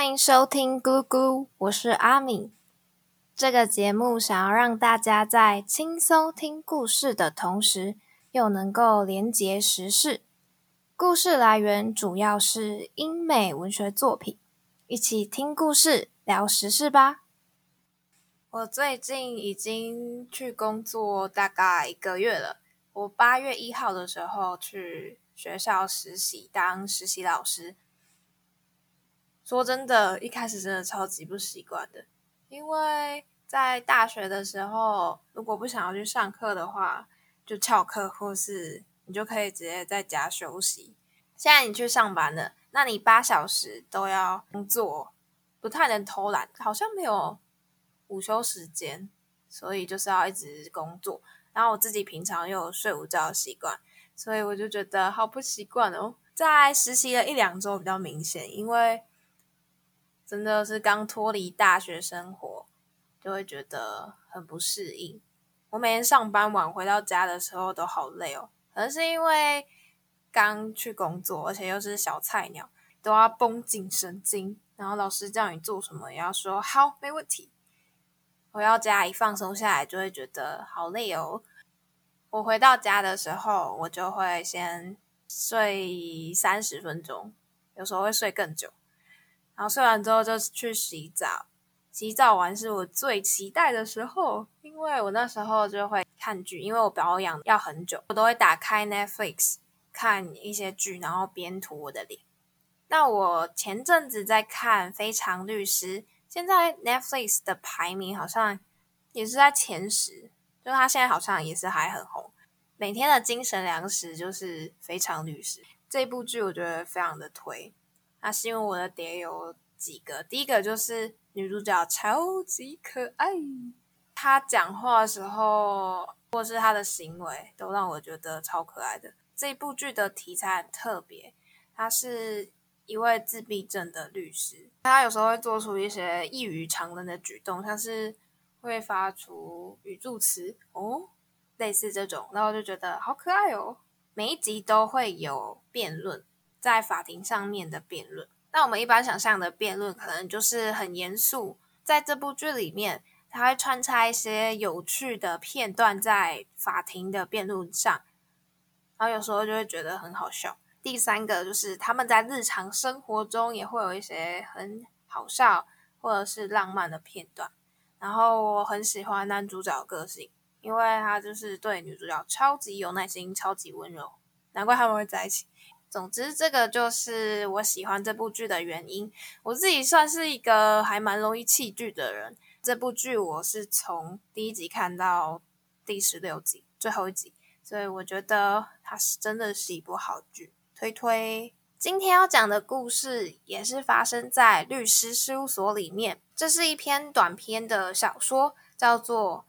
歡迎收聽咕咕，我是阿敏。這個節目想要讓大家在輕鬆聽故事的同時，又能夠連接時事。故事來源主要是英美文學作品，一起聽故事，聊時事吧。我最近已經去工作大概一個月了。我八月一號的時候去學校實習，當實習老師。說真的，一開始真的超級不習慣的，因為在大學的時候，如果不想要去上課的話，就翹課或是你就可以直接在家休息。現在你去上班了，那你八小時都要工作，不太能偷懶，好像沒有午休時間，所以就是要一直工作。然後我自己平常又有睡午覺的習慣，所以我就覺得好不習慣哦。在實習了一兩周比較明顯，因為。真的是剛脫離大學生活，就會覺得很不適應。我每天上班晚回到家的時候都好累哦，可能是因為剛去工作，而且又是小菜鳥，都要繃緊神經。然後老師叫你做什麼，也要說好，沒問題。回到家一放鬆下來，就會覺得好累哦。我回到家的時候，我就會先睡三十分鐘，有時候會睡更久。然後睡完之後就去洗澡，洗澡完是我最期待的時候，因為我那時候就會看劇，因為我保養要很久，我都會打開 Netflix 看一些劇，然後邊塗我的臉。那我前陣子在看《非常律師》，現在 Netflix 的排名好像也是在前十，就是它現在好像也是還很紅。每天的精神糧食就是《非常律師》這部劇，我覺得非常的推。那是因為我的點有幾個，第一個就是女主角超級可愛，她講話的時候或是她的行為都讓我覺得超可愛的。這部劇的題材很特別，他是一位自閉症的律師，他有時候會做出一些異於常人的舉動，像是會發出語助詞哦，類似這種，然後就覺得好可愛哦。每一集都會有辯論。在法庭上面的辯論，那我們一般想象的辯論可能就是很嚴肅。在這部劇裡面，他會穿插一些有趣的片段在法庭的辯論上，然後有時候就會覺得很好笑。第三個就是他們在日常生活中也會有一些很好笑或者是浪漫的片段。然後我很喜歡男主角的個性，因為他就是對女主角超級有耐心、超級溫柔，難怪他們會在一起。總之，這個就是我喜歡這部劇的原因。我自己算是一個還蠻容易棄劇的人，這部劇我是從第一集看到第十六集最後一集，所以我覺得它是真的是一部好劇。推推，今天要講的故事也是發生在律師事務所裡面，這是一篇短篇的小說，叫做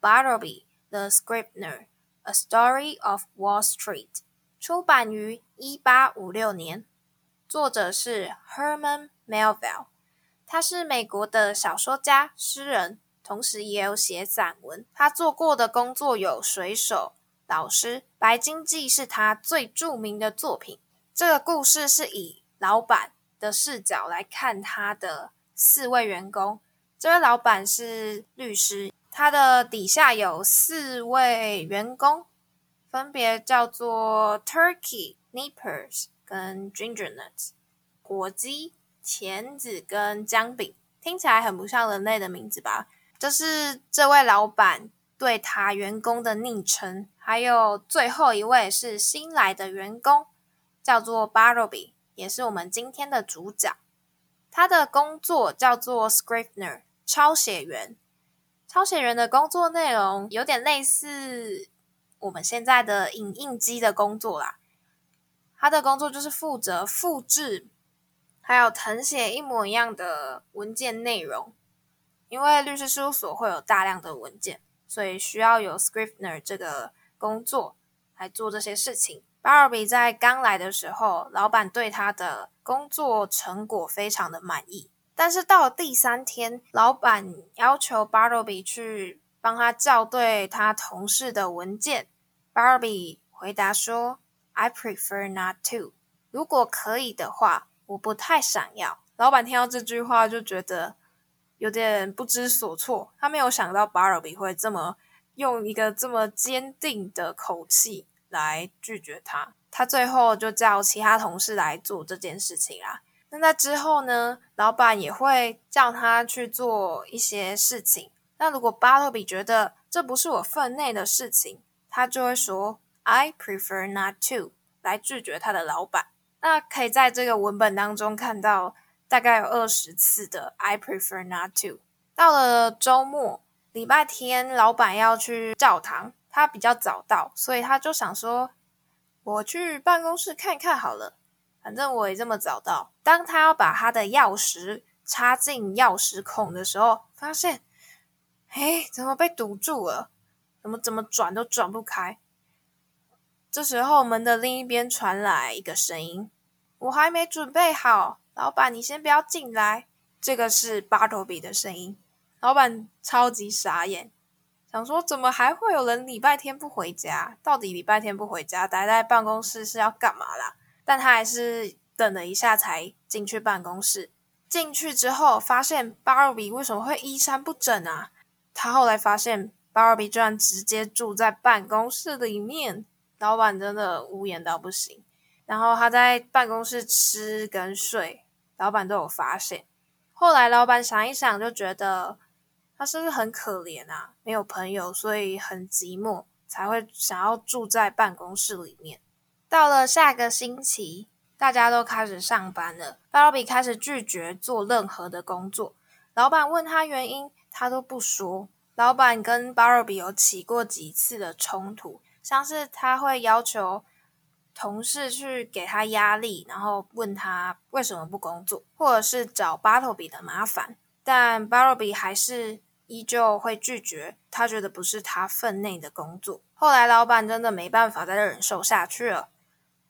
《Bartleby the Scrivener, A Story of Wall Street》。出版於一八五六年，作者是 Herman Melville，他是美國的小說家、詩人，同時也有寫散文。他做過的工作有水手、老師。《白鯨記》是他最著名的作品。這個故事是以老闆的視角來看他的四位員工。這位老闆是律師，他的底下有四位員工。分別叫做 Turkey、Nippers 跟 Gingernuts，火雞、鉗子跟薑餅，聽起來很不像人類的名字吧？這就是這位老板對他員工的昵稱。還有最後一位是新來的員工，叫做 Bartleby，也是我們今天的主角。他的工作叫做 Scrivener，抄寫員。抄寫員的工作內容有點類似。我們現在的影印機的工作啦，他的工作就是負責複製，還有謄寫一模一樣的文件內容。因為律師事務所會有大量的文件，所以需要有 scrivener 這個工作來做這些事情。Bartleby 在剛來的時候，老闆對他的工作成果非常的滿意，但是到了第三天，老闆要求 Bartleby 去。幫他校對他同事的文件。Bartleby 回答說：“I prefer not to。”如果可以的話，我不太想要。老板聽到這句話就覺得有點不知所措。他沒有想到 Bartleby 會這麼用一個這麼堅定的口氣來拒絕他。他最後就叫其他同事來做這件事情啦。那在之後呢，老板也會叫他去做一些事情。那如果巴托比覺得這不是我分內的事情，他就會說 "I prefer not to" 來拒絕他的老闆。那可以在這個文本當中看到大概有二十次的 "I prefer not to"。到了周末，禮拜天，老闆要去教堂，他比較早到，所以他就想說，我去辦公室看一看好了，反正我也這麼早到。當他要把他的鑰匙插進鑰匙孔的時候，發現。哎，怎麼被堵住了？怎麼怎麼轉都轉不開？這時候門的另一邊傳來一個聲音：“我還沒準備好，老板，你先不要進來。”這個是巴托比的聲音。老板超級傻眼，想說怎麼還會有人禮拜天不回家？到底禮拜天不回家待在辦公室是要幹嘛啦？但他還是等了一下才進去辦公室。進去之後，發現巴托比為什麼會衣衫不整啊？他後來發現，Bartleby 居然直接住在辦公室裡面，老闆真的無言到不行。然後他在辦公室吃跟睡，老闆都有發現。後來老闆想一想，就覺得他是不是很可憐啊？沒有朋友，所以很寂寞，才會想要住在辦公室裡面。到了下個星期，大家都開始上班了，Bartleby 開始拒絕做任何的工作。老闆問他原因。他都不說。老闆跟巴洛比有起過幾次的衝突，像是他會要求同事去給他壓力，然後問他為什麼不工作，或者是找巴洛比的麻煩，但巴洛比還是依舊會拒絕。他覺得不是他分內的工作。後來老闆真的沒辦法再忍受下去了，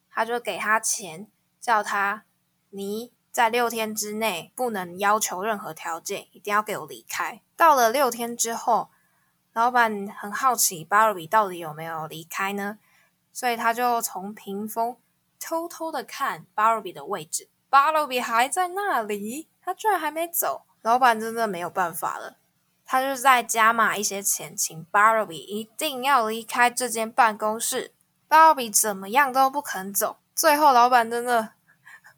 他就給他錢，叫他你。在六天之內不能要求任何條件，一定要給我離開。到了六天之後，老闆很好奇巴羅比到底有沒有離開呢？所以他就從屏風偷偷的看巴羅比的位置。巴羅比還在那裡，他居然還沒走。老闆真的沒有辦法了，他就再加碼一些錢，請巴魯比一定要離開這間辦公室。巴魯比怎麼樣都不肯走，最後老闆真的。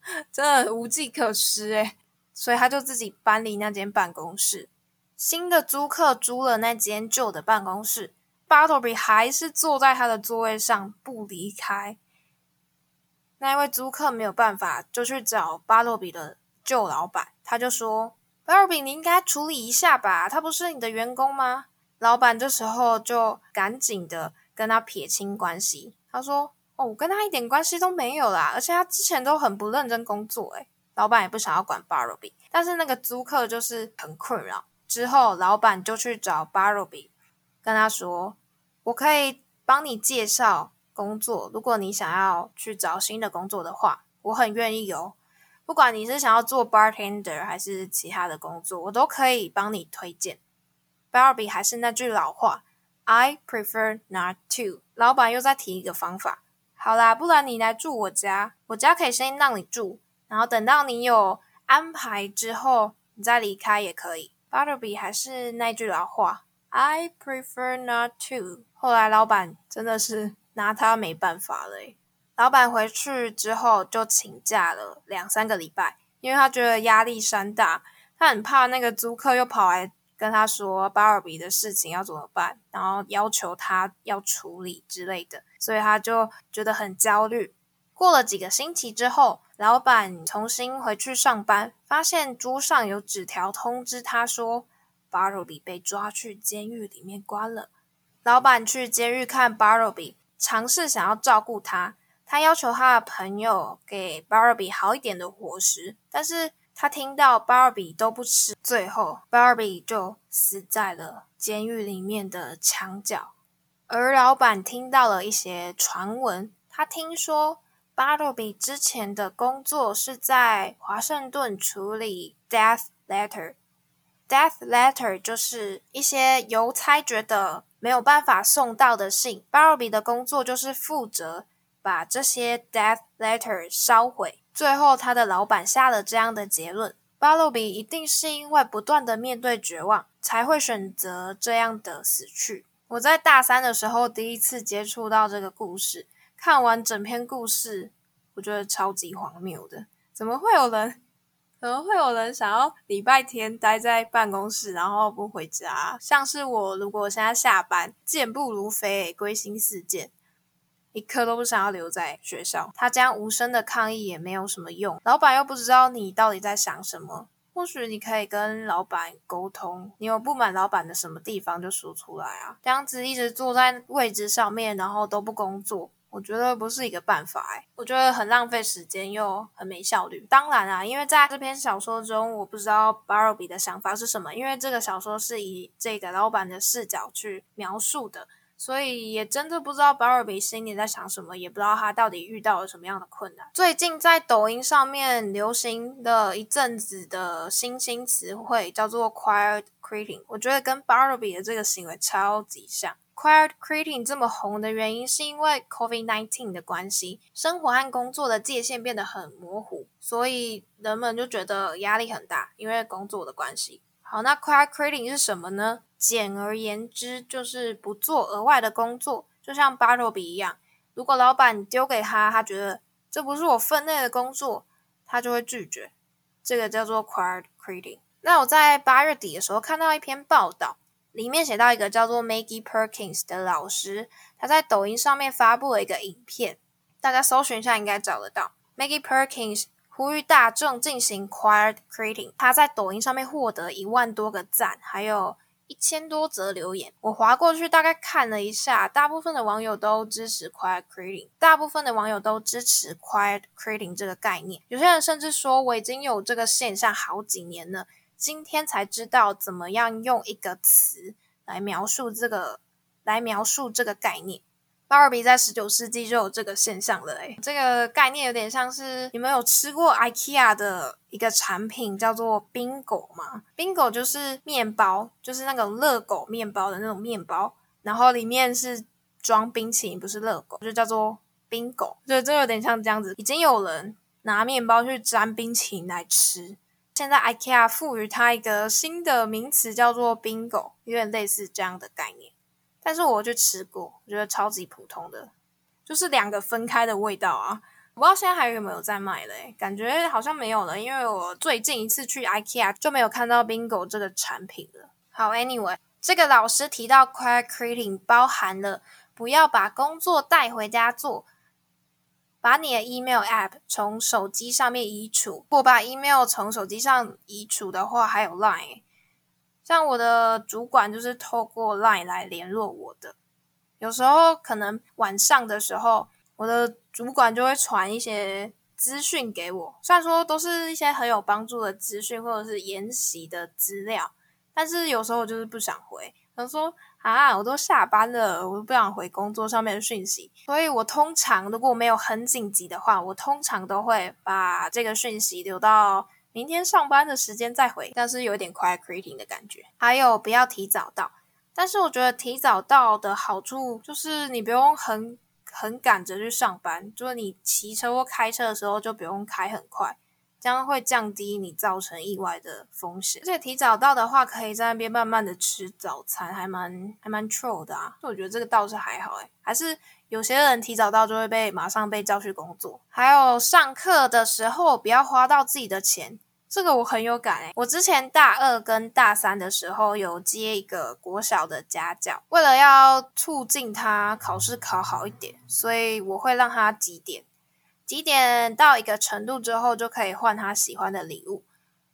真的無計可施哎，所以他就自己搬離那間辦公室。新的租客租了那間舊的辦公室，巴洛比還是坐在他的座位上不離開。那一位租客沒有辦法，就去找巴洛比的舊老板，他就說：“巴洛比，你應該處理一下吧，他不是你的員工嗎？”老板這時候就趕緊的跟他撇清關係，他說。哦，我跟他一點關係都沒有啦，而且他之前都很不認真工作。欸，誒，老闆也不想要管 Bartleby，但是那個租客就是很困擾。之後老闆就去找 Bartleby 跟他說：“我可以幫你介紹工作，如果你想要去找新的工作的話，我很願意哦。不管你是想要做 bartender 還是其他的工作，我都可以幫你推薦。”Bartleby 還是那句老話：“I prefer not to。”老闆又再提一個方法。好啦，不然你來住我家，我家可以先讓你住，然後等到你有安排之後，你再離開也可以。Bartleby 還是那句老話，I prefer not to。後來老闆真的是拿他沒辦法了，老闆回去之後就請假了兩三個禮拜，因為他覺得壓力山大，他很怕那個租客又跑來。跟他說 Bartleby 的事情要怎麼辦，然後要求他要處理之類的，所以他就覺得很焦慮。過了幾個星期之後，老闆重新回去上班，發現桌上，有紙條通知他說 Bartleby 被抓去監獄裡面關了。老闆去監獄看 Bartleby，嘗試想要照顧他，他要求他的朋友給 Bartleby 好一點的伙食，但是，他聽到 Bartleby 都不吃，最後 Bartleby 就死在了監獄裡面的牆角。而老板聽到了一些傳聞，他聽說 Bartleby 之前的工作是在華盛頓處理 death letter，death letter 就是一些郵差覺得沒有辦法送到的信。Bartleby 的工作就是負責把這些 death letter 燒毀。最後，他的老板下了這樣的結論：巴洛比一定是因為不斷的面對絕望，才會選擇這樣的死去。我在大三的時候第一次接觸到這個故事，看完整篇故事，我覺得超級荒謬的，怎麼會有人，怎麼會有人想要禮拜天待在辦公室，然後不回家？像是我，如果現在下班，健步如飛歸事件，歸心似箭。一刻都不想要留在學校，他這樣無聲的抗議也沒有什麼用。老闆又不知道你到底在想什麼，或許你可以跟老闆溝通，你有不滿老闆的什麼地方就說出來啊。這樣子一直坐在位置上面，然後都不工作，我覺得不是一個辦法哎，我覺得很浪費時間又很沒效率。當然啊，因為在這篇小說中，我不知道 Bartleby 的想法是什麼，因為這個小說是以這個老闆的視角去描述的。所以也真的不知道 Bartleby 心裡在想什麼，也不知道他到底遇到了什麼樣的困難。最近在抖音上面流行了一陣子的新興詞彙叫做 “quiet quitting”。我覺得跟 Bartleby 的這個行為超級像。quiet quitting 這麼紅的原因是因為 Covid nineteen 的關係，生活和工作的界限變得很模糊，所以人們就覺得壓力很大，因為工作的關係。好，那 quiet quitting 是什麼呢？簡而言之，就是不做額外的工作，就像 Bartleby 一樣。如果老板丟給他，他覺得這不是我分內的工作，他就會拒絕。這個叫做 quiet quitting。那我在八月底的時候看到一篇報道，裡面寫到一個叫做 Maggie Perkins 的老師，他在抖音上面發布了一個影片，大家搜尋一下應該找得到 Maggie Perkins。呼籲大眾進行 quiet quitting，他在抖音上面獲得一萬多個讚，還有一千多則留言。我劃過去大概看了一下，大部分的網友都支持 quiet quitting，大部分的網友都支持 quiet quitting 這個概念。有些人甚至說，我已經有這個現象好幾年了，今天才知道怎麼樣用一個詞來描述這個，來描述這個概念。巴爾比在十九世紀就有這個現象了，欸。這個概念有點像是你們有吃過 IKEA 的一個產品叫做 Bingo 嗎？Bingo 就是麵包，就是那個熱狗麵包的那種麵包，然後裡面是裝冰淇淋，不是熱狗，就叫做 Bingo。對，這有點像這樣子，已經有人拿麵包去沾冰淇淋來吃。現在 IKEA 賦予它一個新的名詞叫做 Bingo，有點類似這樣的概念。但是我就吃過，我覺得超級普通的，就是兩個分開的味道啊。我不知道現在還有沒有在賣嘞，感覺好像沒有了，因為我最近一次去 IKEA 就沒有看到 Bingo 這個產品了。好，Anyway，這個老師提到 Quiet Quitting 包含了不要把工作帶回家做，把你的 email app 從手機上面移除。我把 email 從手機上移除的話，還有 Line。像我的主管就是透過 LINE 來聯絡我的，有時候可能晚上的時候，我的主管就會傳一些資訊給我。雖然說都是一些很有幫助的資訊，或者是研習的資料，但是有時候我就是不想回，想說啊，我都下班了，我都不想回工作上面的訊息。所以我通常如果沒有很緊急的話，我通常都會把這個訊息留到明天上班的時間再回，但是有點 quiet quitting 的感覺。還有不要提早到，但是我覺得提早到的好處就是你不用很很趕着去上班，就是你騎車或開車的時候就不用開很快，這樣會降低你造成意外的風險。而且提早到的話，可以在那邊慢慢的吃早餐，還蠻還蠻 troll 的啊，我覺得這個倒是還好哎、欸，還是。有些人提早到就會被馬上被叫去工作，還有上課的時候不要花到自己的錢，這個我很有感誒、欸，我之前大二跟大三的時候有接一個國小的家教，為了要促進他考試考好一點，所以我會讓他集點，集點到一個程度之後就可以換他喜歡的禮物。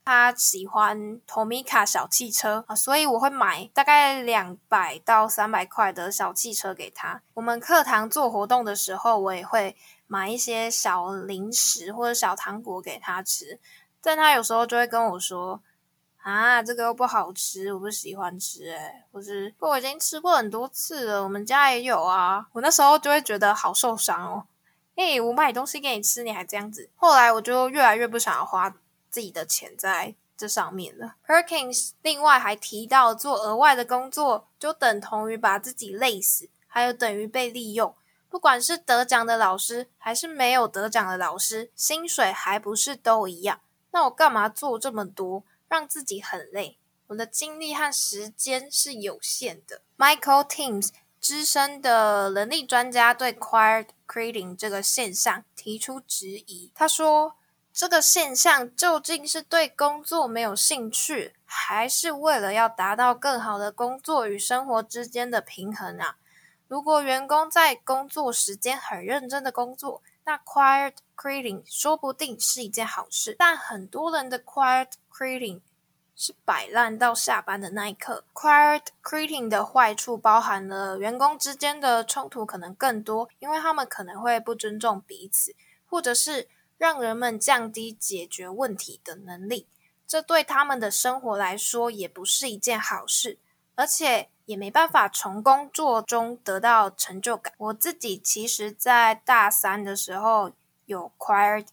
他喜歡 Tomica 小汽車啊，所以我會買大概兩百到三百塊的小汽車給他。我們課堂做活動的時候，我也會買一些小零食或者小糖果給他吃。但他有時候就會跟我說：“啊，這個又不好吃，我不喜歡吃、欸。”哎，或是“不過我已經吃過很多次了。”我們家也有啊。我那時候就會覺得好受傷哦，誒、欸、我買東西給你吃，你還這樣子。後來我就越來越不想要花。自己的錢在這上面了。Herkins 另外還提到，做額外的工作就等同於把自己累死，還有等於被利用。不管是得獎的老師還是沒有得獎的老師，薪水還不是都一樣？那我幹嘛做這麼多，讓自己很累？我的精力和時間是有限的。Michael Teams，資深的人力專家，對 quiet quitting 這個現象提出質疑，他說，這個現象究竟是對工作沒有興趣，還是為了要達到更好的工作與生活之間的平衡啊？如果員工在工作時間很認真的工作，那 quiet quitting 說不定是一件好事。但很多人的 quiet quitting 是擺爛到下班的那一刻。quiet quitting 的壞處包含了員工之間的衝突可能更多，因為他們可能會不尊重彼此，或者是，讓人們降低解決問題的能力，這對他們的生活來說也不是一件好事，而且也沒辦法從工作中得到成就感。我自己其實，在大三的時候有 quiet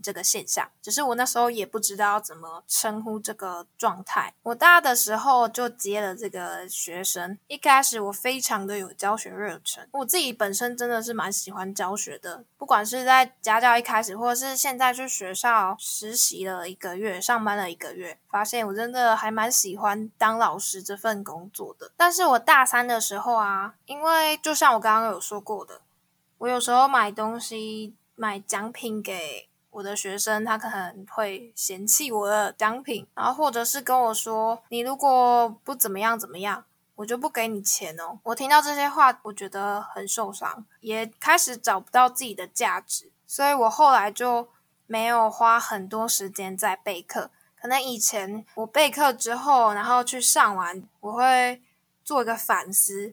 這個現象，只是我那時候也不知道怎麼稱呼這個狀態。我大的時候就接了這個學生，一開始我非常的有教學熱忱，我自己本身真的是蠻喜歡教學的，不管是在家教一開始，或者是現在去學校實習了一個月，上班了一個月，發現我真的還蠻喜歡當老師這份工作的。但是我大三的時候啊，因為就像我剛剛有說過的，我有時候買東西，買獎品給。我的學生他可能會嫌棄我的獎品，然後或者是跟我說：“你如果不怎麼樣怎麼樣，我就不給你錢哦。”我聽到這些話，我覺得很受傷，也開始找不到自己的價值，所以我後來就沒有花很多時間在備課。可能以前我備課之後，然後去上完，我會做一個反思，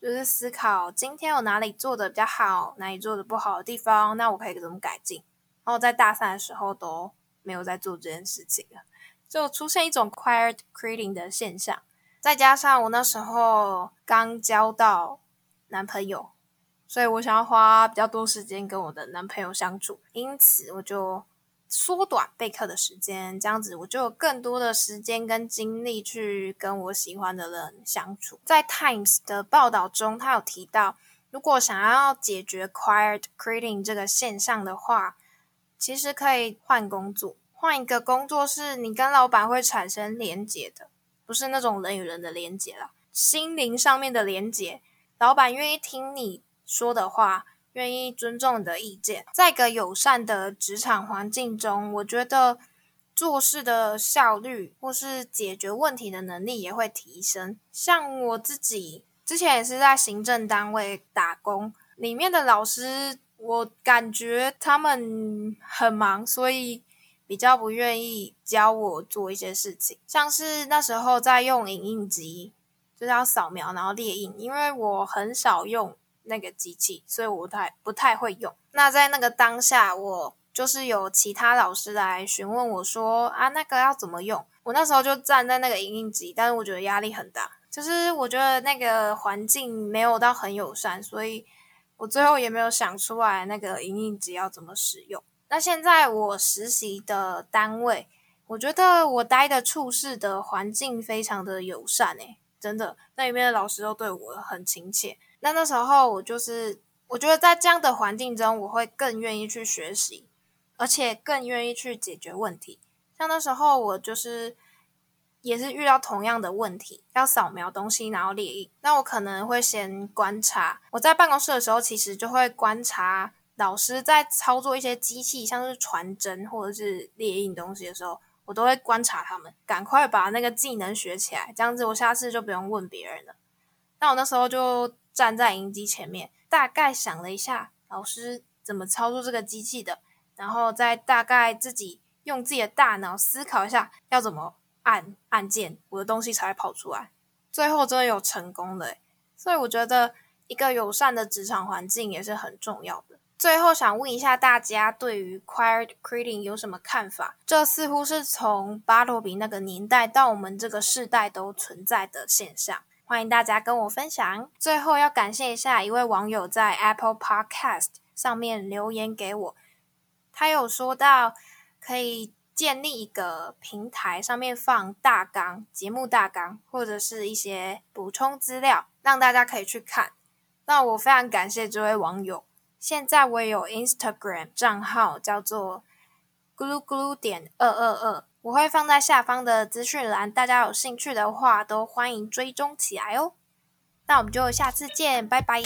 就是思考今天我哪裡做得比較好，哪裡做得不好的地方，那我可以怎麼改進。然後在大三的時候都沒有在做這件事情了，就出現一種 quiet quitting 的現象。再加上我那時候剛交到男朋友，所以我想要花比較多時間跟我的男朋友相處，因此我就縮短備課的時間，這樣子我就有更多的時間跟精力去跟我喜歡的人相處。在 Times 的報道中，他有提到，如果想要解決 quiet quitting 這個現象的話，其實可以換工作。換一個工作是你跟老闆會產生連接的，不是那種人與人的連接了，心靈上面的連接。老闆願意聽你說的話，願意尊重你的意見，在一個友善的職場環境中，我覺得做事的效率或是解決問題的能力也會提升。像我自己之前也是在行政單位打工，裡面的老師。我感覺他們很忙，所以比較不願意教我做一些事情，像是那時候在用影印機，就是要掃描然後列印，因為我很少用那個機器，所以我不太不太會用。那在那個當下，我就是有其他老師來詢問我說啊，那個要怎麼用？我那時候就站在那個影印機，但是我覺得壓力很大，就是我覺得那個環境沒有到很友善，所以。我最後也沒有想出來那個影印機要怎麼使用。那現在我實習的單位，我覺得我待的處室的環境非常的友善哎、欸，真的，那裡面的老師都對我很親切。那那時候我就是，我覺得在這樣的環境中，我會更願意去學習，而且更願意去解決問題。像那時候我就是。也是遇到同樣的問題，要掃描東西，然後列印。那我可能會先觀察。我在辦公室的時候，其實就會觀察老師在操作一些機器，像是傳真或者是列印東西的時候，我都會觀察他們，趕快把那個技能學起來，這樣子我下次就不用問別人了。那我那時候就站在影印機前面，大概想了一下老師怎麼操作這個機器的，然後再大概自己用自己的大腦思考一下要怎麼。按按鍵，我的東西才會跑出來。最後真的有成功的，所以我覺得一個友善的職場環境也是很重要的。最後想問一下大家對於 quiet quitting 有什麼看法？這似乎是從 Bartleby 那個年代到我們這個世代都存在的現象，歡迎大家跟我分享。最後要感謝一下一位網友在 Apple Podcast 上面留言給我，他有說到可以。建立一個平台，上面放大綱、節目大綱或者是一些補充資料，讓大家可以去看。那我非常感謝這位網友。現在我有 Instagram 賬號，叫做咕嚕咕嚕點二二二，我會放在下方的資訊欄，大家有興趣的話都歡迎追蹤起來哦。那我們就下次見，拜拜。